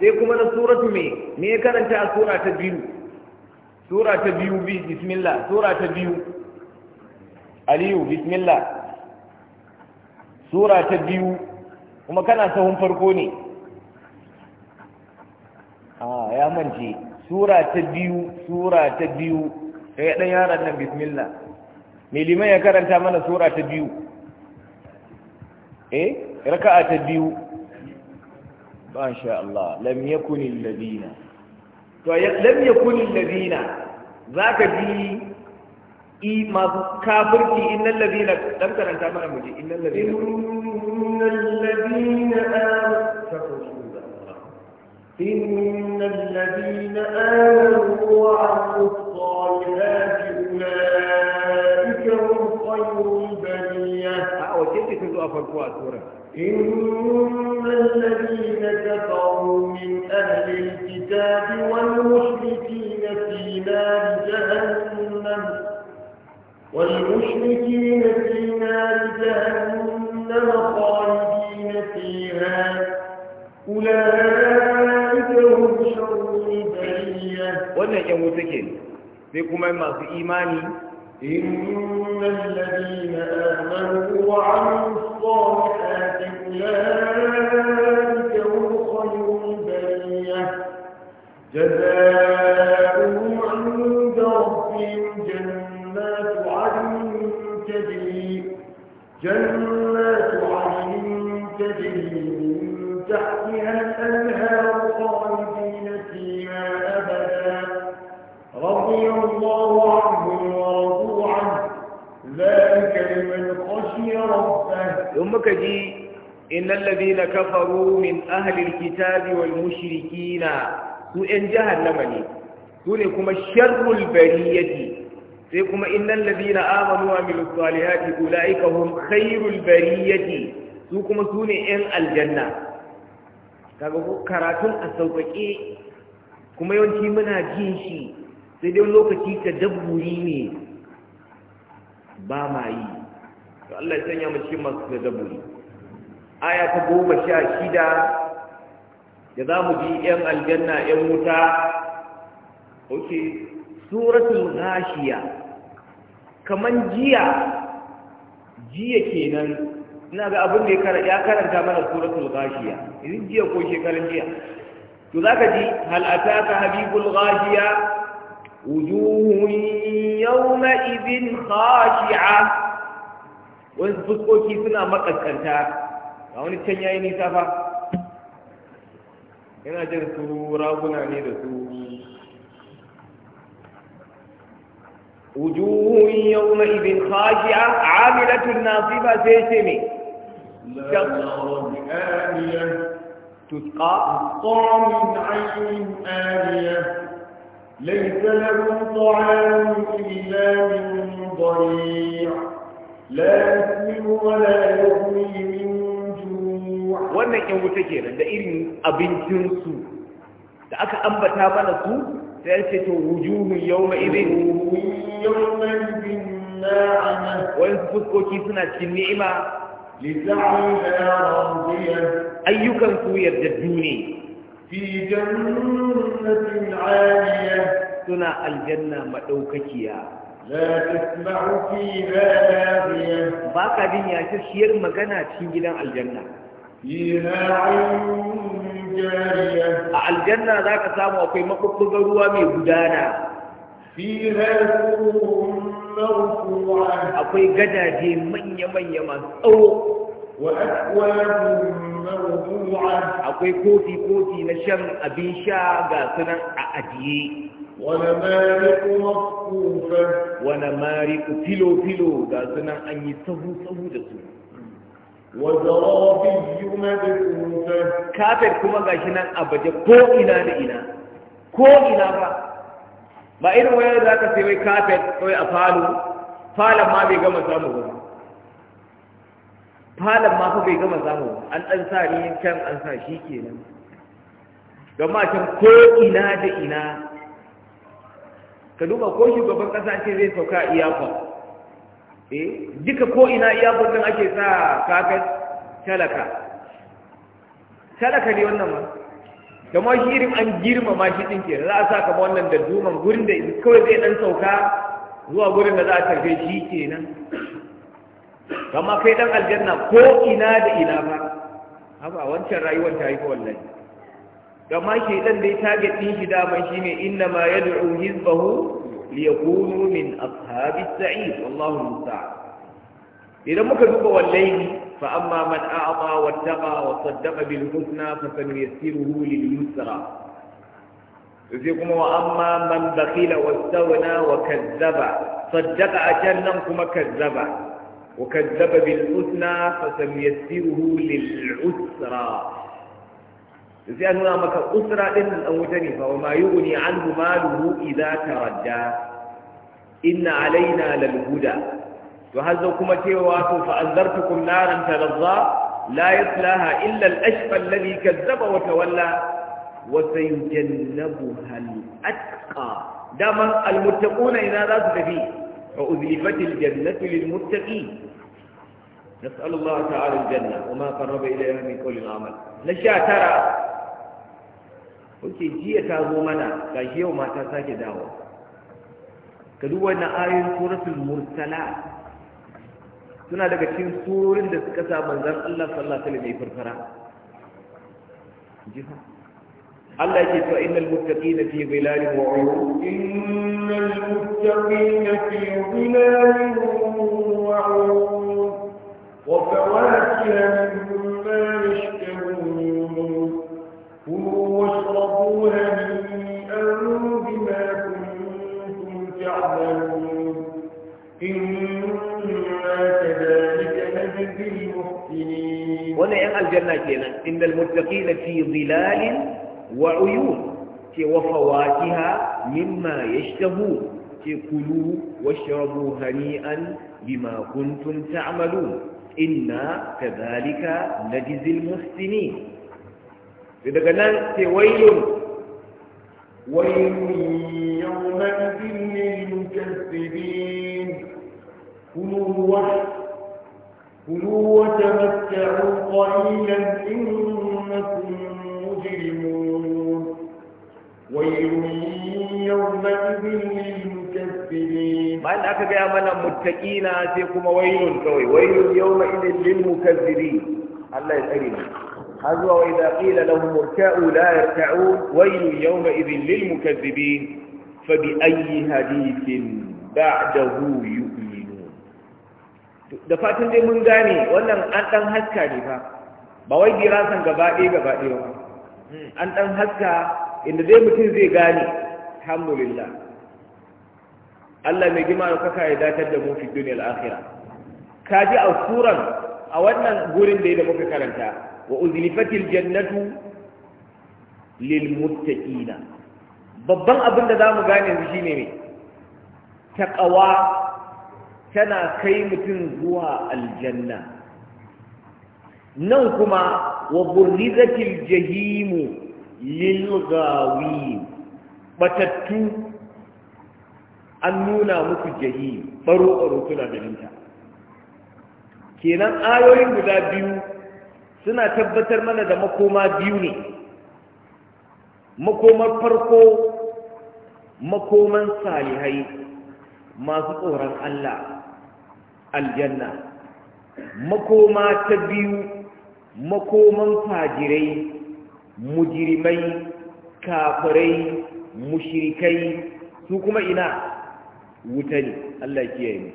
sai kuma na suratu me me karanta a sura ta biyu sura ta biyu bismillah sura ta biyu aliyu bismillah sura ta biyu kuma kana sahun farko ne a ya mance sura ta biyu sura ta biyu sai ɗan yaron nan bismillah mai liman ya karanta mana sura ta biyu eh raka'a ta biyu ba sha Allah lam yakun alladina to lam yakun alladina zaka ji i masu kafirci innal ladina dan karanta mana muje innal ladina innal ladina amanu إن الذين آمنوا وعملوا الصالحات أولئك هم خير البرية آه، وكيف تزوء فرقوا أسورة إن الذين كفروا من أهل الكتاب والمشركين في نار جهنم والمشركين في نار جهنم خالدين فيها أولئك 'yan wuce ke sai kuma masu imani إن الذين innan na kafaro min ahalin kitabi wal mushriki na su ‘yan jihannama ne su ne kuma sharrul bariyati sai kuma innan lade na amonuwa milisuwali ya ce kula aika hun khairul bariyati su kuma su ne ‘yan aljanna karatun a sauƙaƙe kuma yawanci muna ji shi sai dai lokaci ka daburi ne ba ma yi Allah ya sanya mace masu da aya ta goma sha shida da za mu ji ‘yan aljanna ‘yan wuta ok suratul gashiya kaman jiya jiya kenan ina ga abin da ya karanta mana suratul gashiya idan jiya ko shekarun jiya to za ka ji hal'ata ka habibul gashiya wujuhun yawma izin khashi'a wani fuskoki suna makaskanta a wani can yayi nisa fa yana jin su raguna ne da su wujuhun yawma ibn khashi'a amilatun nasiba sai ce me تسقى من عين آلية ليس لهم طعام إلا من ضريع لا يسمن ولا يغني من wannan yan wuta ke da irin abincinsu da aka ambata mana su sai an to wujuhun yawma idin wani fuskoki suna cikin ni'ima ayyukan su yardaddu ne fi jannatin 'aliya suna aljanna madaukakiya لا تسمع فيها لاغية باقا دنيا تشير magana cikin gidan aljanna. a aljanna za ka samu akwai maɓuɓɓugar ruwa mai gudana akwai gadaje manya-manya masu tsawo akwai kofi-kofi na shan abin sha ga sunan a ajiye wane mariku filo-filo ga sunan an yi tsawo-tsawo da su kafet kuma gashi nan a baje ko ina da ina ko ina ba ba irin wayar da aka sai wai kafet kawai a falo falon ma bai gama samu ba falon ma fa bai gama samu ba an ɗan sa ni can an sa shi kenan don ma can ko ina da ina ka duba ko shugaban ƙasa ce zai sauka a iyakon eh duka ko ina iya burtun ake sa kakan talaka talaka ne wannan ma kamar shi irin an girmama shi din ke za a sa kama wannan da duman gurin da kawai zai dan sauka zuwa gurin da za a tarfe shi kenan kama kai dan aljanna ko ina da ina ba haba wancan rayuwar ta yi ko wallahi kama shi dan dai target din shi daman ne inna ma yad'u hizbahu liyakunu min ashabi sa'id wallahu musta'an idan muka duba wallahi fa amma man wa wattaqa wa saddaqa bil husna fa sanuyassiruhu lil yusra sai kuma wa amma man bakhila wastawna wa kazzaba saddaqa ajan nan kuma kazzaba wa kazzaba bil husna fa sanuyassiruhu lil usra sai a nuna maka usra din nan dan wuta ne fa wa ma yughni anhu maluhu idza taradda inna alaina lal huda to hazza kuma cewa to fa anzartukum naran talazza la yaslaha illa al ashqa alladhi kazzaba wa tawalla wa sayujannabuha al atqa daman al muttaquna idza za su tafi fa uzlifatil jannatu lil muttaqin نسأل الله تعالى الجنة وما قرب إليها من كل عمل sha tara. oke jiya ta zo mana ga yau mata ta sake dawo ka duk wani ayin suratul mursala suna daga cikin surorin da suka sa manzan Allah sallallahu alaihi wasallam farfara jiha Allah yake cewa innal muttaqina fi dhilalin wa 'uyun innal muttaqina fi dhilalin wa 'uyun wa fawakihin mimma هنيئا بما كنتم تعملون إنا كذلك نجزي المحسنين ونعم الجنة كنا إن المتقين في ظلال وعيون وفواكه مما يشتهون كلوا واشربوا هنيئا بما كنتم تعملون إنا كذلك نجزي المحسنين إذا قلنا ويل ويل يومئذ للمكذبين كلوا كلوا وتمتعوا قليلا إنكم مجرمون ويل يومئذ للمكذبين ما أن أكبر أمنا متقين أتيكم ويل كوي ويل يومئذ للمكذبين الله يسألنا har zuwa wa idza qila lahum irka'u la yarka'un wayl yawma idhin lil mukaththibin fa bi ayyi hadithin ba'dahu yu'minun da fatan dai mun gane wannan an dan haska ne fa ba wai dirasan gaba ɗaya gaba ɗaya ba an dan haska inda dai mutum zai gane alhamdulillah Allah mai gima da kaka ya datar da mu fi duniyar Ka ji a suran a wannan gurin da ya da muka karanta wa uzlifatil jannatu lil babban abin da za mu gane yanzu shine me taqwa tana kai mutum zuwa aljanna nan kuma wa burrizatil jahimu lil gawin batattu an nuna muku jahim baro baro suna ganinta kenan ayoyin guda biyu suna tabbatar mana da makoma biyu ne makomar farko makoman salihai masu tsoron Allah aljanna makoma ta biyu makoman fajirai mujirimai kafirai mushirikai su kuma ina wuta ne Allah kiyaye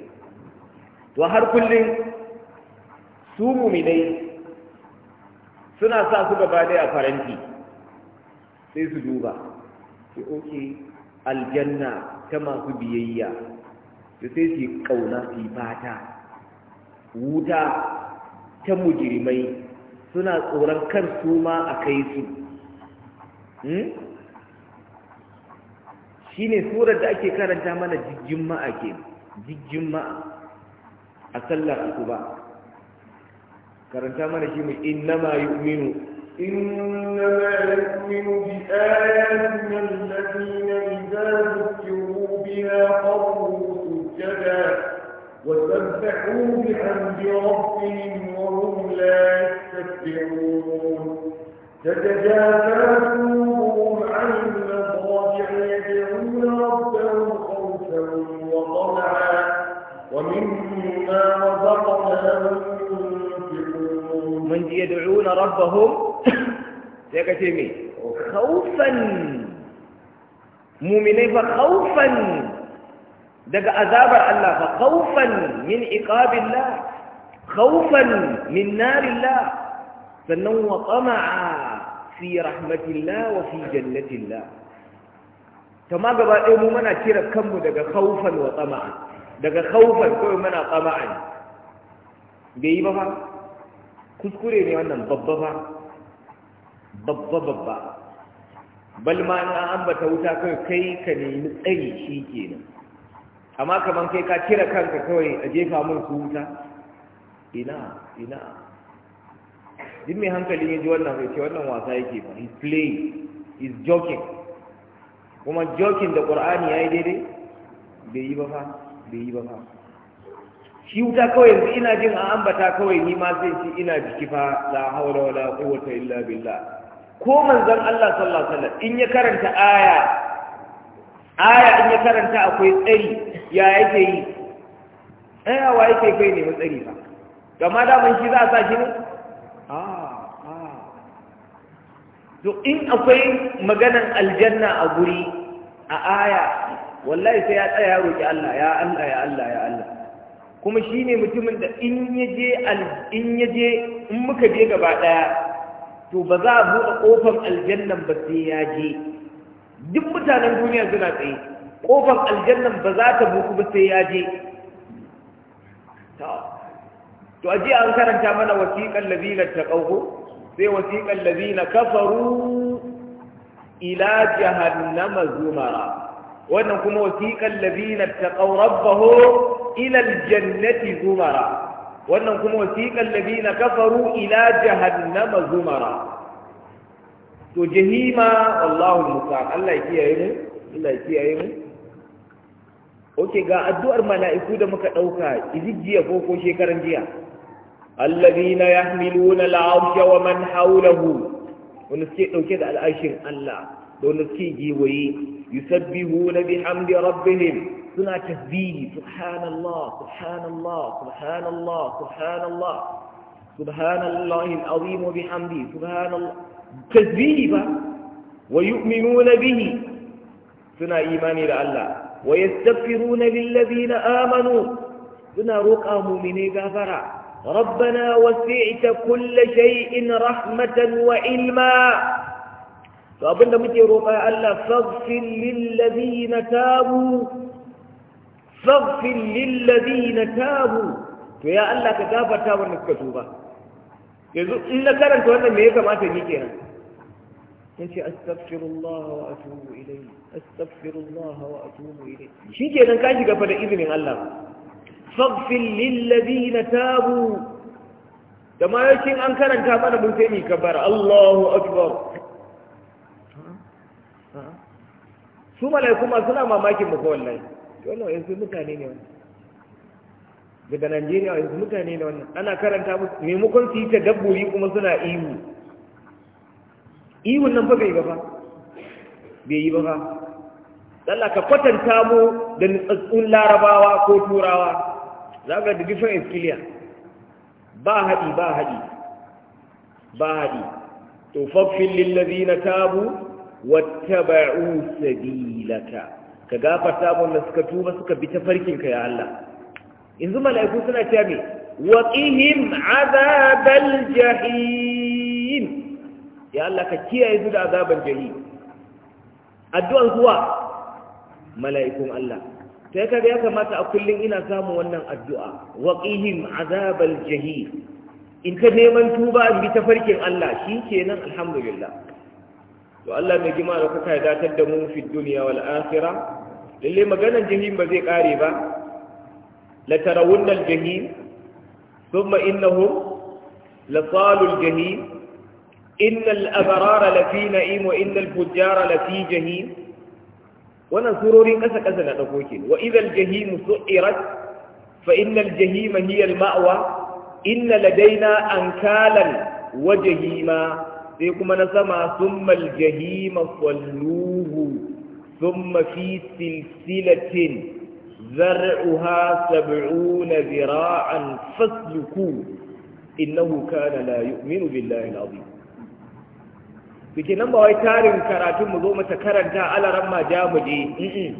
to har kullum su muminai suna sa su gaba ɗaya a faranti sai su duba ke oke aljanna ta masu biyayya da sai su yi ƙauna su yi fata wuta ta mujirmai suna tsoron kan su ma a kai su hmm? shi ne surar da ake karanta mana jijjin ma'a ke jijjin ma'a a sallar asuba karanta mana shi mai innama yu'minu innama yu'minu bi ayatina alladhina idza dhukiru biha qarru sujada وسبحوا بحمد ربهم وهم لا يستكبرون تتجافى قلوبهم عن المضاجع يدعون ربهم خوفا وطمعا ومما رزقناهم يدعون ربهم سيكتمي <coughs> خوفا مؤمنين فخوفا دق عذاب الله فخوفا من عقاب الله خوفا من نار الله فنو وطمع في رحمة الله وفي جنة الله كما قبل إيه منا كيرا كم دق خوفا وطمعا دق خوفا كل منا طمعا بيبا kuskure ne wannan babba ba babba babba bal ma na ambata wuta kawai kai ka nemi tsayi shi kenan amma kaman kai ka cire kanka kawai a jefa mun su wuta ina ina duk mai hankali ya ji wannan kai ce wannan wasa yake ba he's playing he's joking kuma joking da qur'ani yayi daidai bai yi ba fa bai yi ba fa shi wuta kawai yanzu ina jin an ambata kawai ni ma zai ci ina jiki fa la haula wala quwwata illa billah ko manzon Allah sallallahu alaihi wasallam in ya karanta aya aya in ya karanta akwai tsari ya yake yi eh wa yake kai ne tsari fa gama da mun shi za a sa shi ne a ah, a ah. to in akwai maganan aljanna a guri a aya wallahi sai ya tsaya roki Allah ya Allah ya Allah ya Allah kuma shi ne mutumin da in ya je in muka je gaba ɗaya to ba za a buɗe ƙofar aljannan ba sai ya je duk mutanen duniya suna tsaye ƙofar aljannan ba za ta buku ba sai ya je to a jiya an karanta mana wasiƙan labinar ta ƙauko sai wasiƙan labinar kafaru ila jahannama zumara wannan kuma wasiƙan labinar ta ƙaurabbaho ilal jannati zumara wannan kuma wasiqal ladina kafaru ila jahannama zumara to jahima wallahu musa Allah ya kiyaye mu Allah ya kiyaye mu oke ga addu'ar mala'iku da muka dauka izijiya ko ko shekaran jiya alladhina yahmiluna al'arsha wa man hawlahu wanda suke dauke da al'ashin Allah دون جي وي يسبحون بحمد ربهم سنا تسبيح سبحان الله سبحان الله سبحان الله سبحان الله سبحان الله العظيم وبحمده سبحان الله تسبيه ويؤمنون به سنا إيمان إلى الله ويستغفرون للذين آمنوا سنا رقى مؤمنين غفرا ربنا وسعت كل شيء رحمة وعلما to abinda muke roƙa Allah faghfir lil ladina tabu faghfir lil ladina tabu to ya Allah ka gafarta wa suka tuba yanzu in na karanta wannan me ya kamata ni kenan yace astaghfirullah wa atubu ilayhi astaghfirullah wa atubu ilayhi shikenan ka shiga fa da izinin Allah faghfir lil ladina tabu da ma yakin an karanta mana mun sai ni kabara Allahu akbar su mala'iku ma suna mamakin mu ko wallahi wannan yanzu mutane ne wannan daga Najeriya yanzu mutane ne wannan ana karanta musu maimakon su yi ta dabbobi kuma suna ihu ihun nan fa bai ba fa bai yi ba fa Allah ka kwatanta mu da nutsatsun larabawa ko turawa za ka da different experience. ba haɗi ba haɗi ba haɗi to faffin lillazi na tabu wattaba'u sabilaka ka gafarta mu da suka tuba suka bi ta farkin ka ya Allah yanzu mala'iku suna cewa me waqihim azabal jahim ya Allah ka kiyaye su da azaban jahim addu'an kuwa mala'ikun Allah sai kaga ya kamata a kullum ina samu wannan addu'a waqihim azabal jahim in ka neman tuba in bi ta farkin Allah shikenan alhamdulillah to Allah mai gima da kuka datar da mu fi duniya wal akhirah lalle maganan jahim ba zai kare ba la tarawun al jahim thumma innahu la salul jahim inna al abrara la fi na'im wa inna al fujjara la fi jahim wana surorin kasa kasa na dauko ke wa idha al jahim su'irat fa inna al jahima hiya al ma'wa inna ladaina ankalan wa jahima sai kuma na sama summa aljahima salluhu summa fi silsilatin zar'uha sab'una zira'an fasluku innahu kana la yu'minu billahi al-azim biki nan ba wai tarin karatun mu zo mu ta karanta alaran ma ja mu je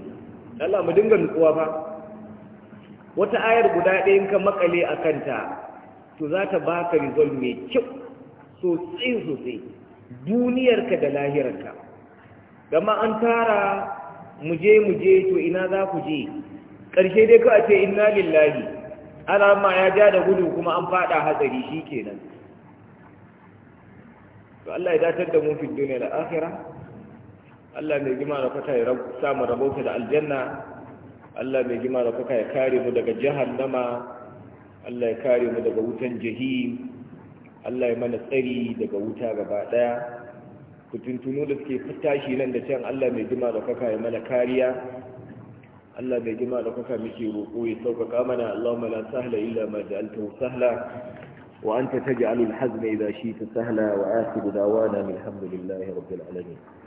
Allah mu dinga nutsuwa fa wata ayar guda ɗaya in ka makale a kanta to za ta baka result mai kyau tsotse sosai duniyarka da lahirarka gama an tara muje muje to ina za ku je ƙarshe dai ka ce inna lillahi ana ma ya ja da gudu kuma an fada hatsari shi kenan to Allah ya datar da mu fi duniya da akhira Allah mai gima da kwata ya samu rabauta da aljanna Allah mai gima da kwata ya kare mu daga nama. Allah ya kare mu daga wutan jahim Allah ya mana tsari daga wuta gaba daya fitintunu da suke fitashi nan da can Allah mai jima da kaka ya mana kariya Allah mai jima da kaka muke roƙo ya sauƙaƙa mana Allahumma la sahla illa ma ja'altahu sahla wa anta taj'alul hazna idha shi'ta sahla wa akhiru dawana alhamdulillahi rabbil alamin